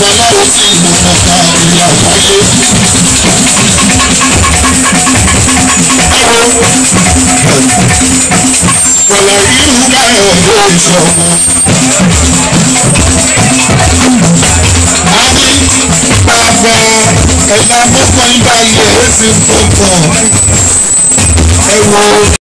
babaláwo tí ìmọ̀ràn ta ilé àgbáyé. ẹ̀rọ wọ̀lá yìí ń dá ẹ̀rọ ìṣọ̀kan. a ní bàbá ẹ̀dá mọ́kànlá yẹ̀ ẹ́ sì fọ́kàn. ẹ̀wọ̀n.